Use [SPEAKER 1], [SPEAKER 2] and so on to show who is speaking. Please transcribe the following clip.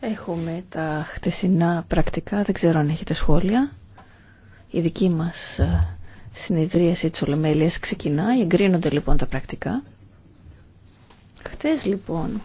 [SPEAKER 1] Έχουμε τα χτεσινά πρακτικά, δεν ξέρω αν έχετε σχόλια. Η δική μας ε, συνειδρίαση της Ολομέλειας ξεκινάει, εγκρίνονται λοιπόν τα πρακτικά. Χτες λοιπόν